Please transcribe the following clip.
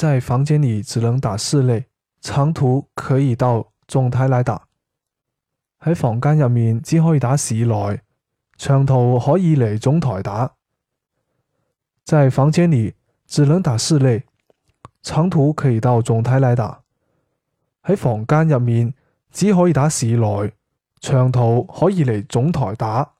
在房間裏只能打市內，長途可以到總台來打。喺房間入面只可以打市內，長途可以嚟總台打。在房間裏只能打市內，長途可以到總台來打。喺房間入面只可以打市內，長途可以嚟總台打。